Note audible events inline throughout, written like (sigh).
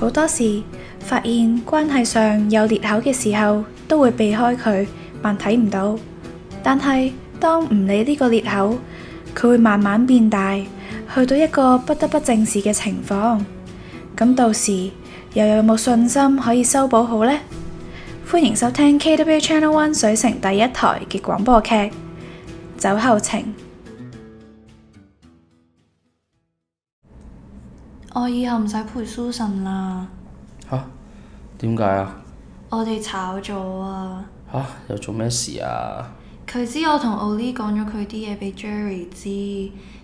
好多時發現關係上有裂口嘅時候，都會避開佢，但睇唔到。但係當唔理呢個裂口，佢會慢慢變大，去到一個不得不正視嘅情況。咁到時又有冇信心可以修補好呢？歡迎收聽 KW Channel One 水城第一台嘅廣播劇《走後情》。我以後唔使陪 Susan 啦。吓？點解啊？我哋炒咗啊！吓？又做咩事啊？佢知我同 Oli 講咗佢啲嘢畀 Jerry 知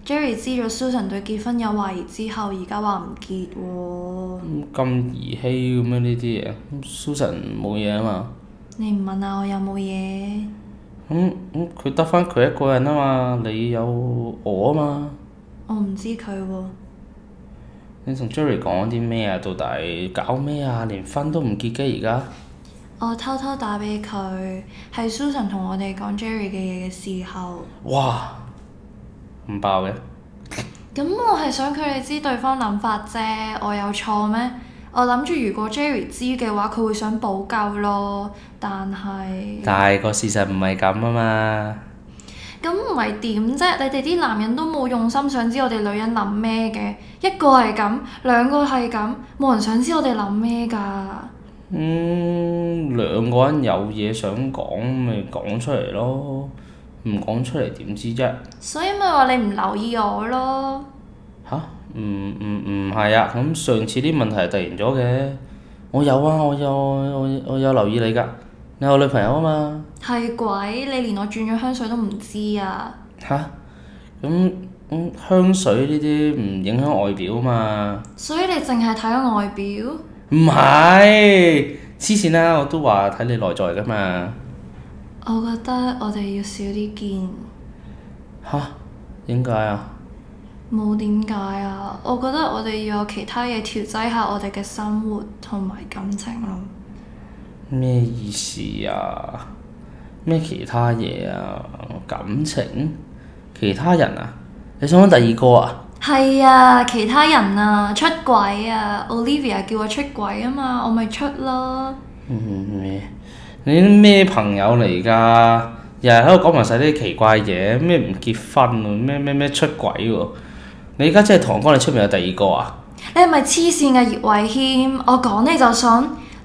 ，Jerry 知咗 Susan 對結婚有懷疑之後，而家話唔結喎。咁咁兒戲咁樣？呢啲嘢，Susan 冇嘢啊嘛？你唔問下我有冇嘢？咁咁佢得翻佢一個人啊嘛？你有我啊嘛？我唔知佢喎、啊。你同 Jerry 講啲咩啊？到底搞咩啊？連婚都唔結嘅而家。我偷偷打俾佢，係 Susan 同我哋講 Jerry 嘅嘢嘅時候。哇！唔爆嘅。咁 (laughs) 我係想佢哋知對方諗法啫。我有錯咩？我諗住如果 Jerry 知嘅話，佢會想補救咯。但係。但係個事實唔係咁啊嘛。咁唔係點啫？你哋啲男人都冇用心想知我哋女人諗咩嘅，一個係咁，兩個係咁，冇人想知我哋諗咩噶。嗯，兩個人有嘢想講，咪講出嚟咯，唔講出嚟點知啫？所以咪話你唔留意我咯？吓？唔唔唔係啊！咁、嗯嗯啊、上次啲問題突然咗嘅，我有啊，我有我有，我有留意你噶，你有女朋友吖嘛？係鬼！你連我轉咗香水都唔知啊！吓？咁咁香水呢啲唔影響外表啊嘛。所以你淨係睇外表？唔係黐線啦！我都話睇你內在㗎嘛我我。我覺得我哋要少啲見。吓？點解啊？冇點解啊！我覺得我哋要有其他嘢調劑下我哋嘅生活同埋感情咯。咩意思啊？咩其他嘢啊？感情？其他人啊？你想揾第二個啊？係啊，其他人啊，出軌啊，Olivia 叫我出軌啊嘛，我咪出咯、嗯。嗯，你啲咩朋友嚟㗎？又喺度講埋晒啲奇怪嘢，咩唔結婚喎、啊？咩咩咩出軌喎、啊？你而家真係唐哥你出面有第二個啊？你係咪黐線啊？葉偉軒，我講你就信？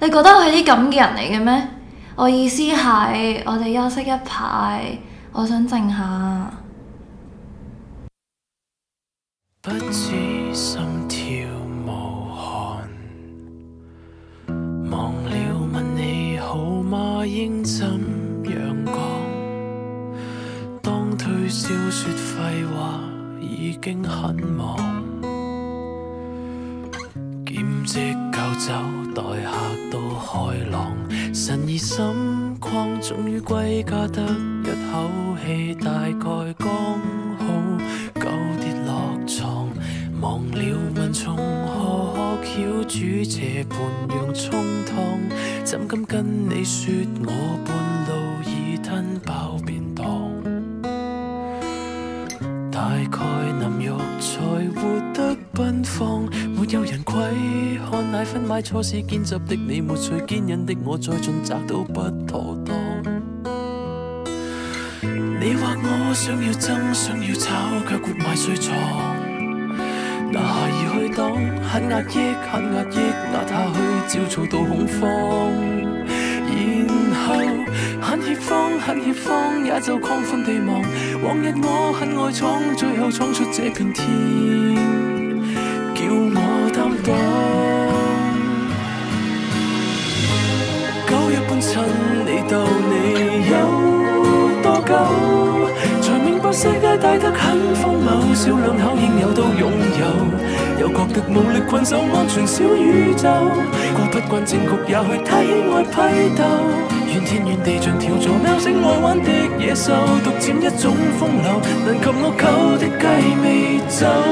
你覺得我係啲咁嘅人嚟嘅咩？我意思係，我哋休息一排，我想靜下。不知心跳無限。忘了問你好嗎？應該怎樣講？當推銷説廢話已經很忙，兼職教酒待客都開朗。神疑心曠，終於歸家得一口氣，大概剛好夠，跌落床，忘了問從何學曉煮這盤洋蔥湯，怎敢跟你說我半。奶粉買錯是兼執的你，沒趣堅忍的我再盡責都不妥當。你話我想要爭，想要吵，卻活埋睡床。拿下義去擋，很壓抑，很壓抑，壓下去照做到恐慌。然後很怯慌，很怯慌，也就亢奮地忙。往日我很愛闖，最後闖出這片天。世界大得很荒謬，小兩口應有都擁有，又覺得無力困守安全小宇宙，過不慣情局也去睇外批鬥，怨天怨地像條坐喵星愛玩的野獸，獨佔一種風流，能及我狗的雞尾酒。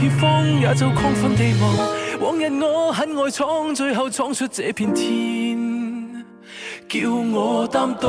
逆風也就狂奮地望，往日我很愛闖，最後闖出這片天，叫我擔當。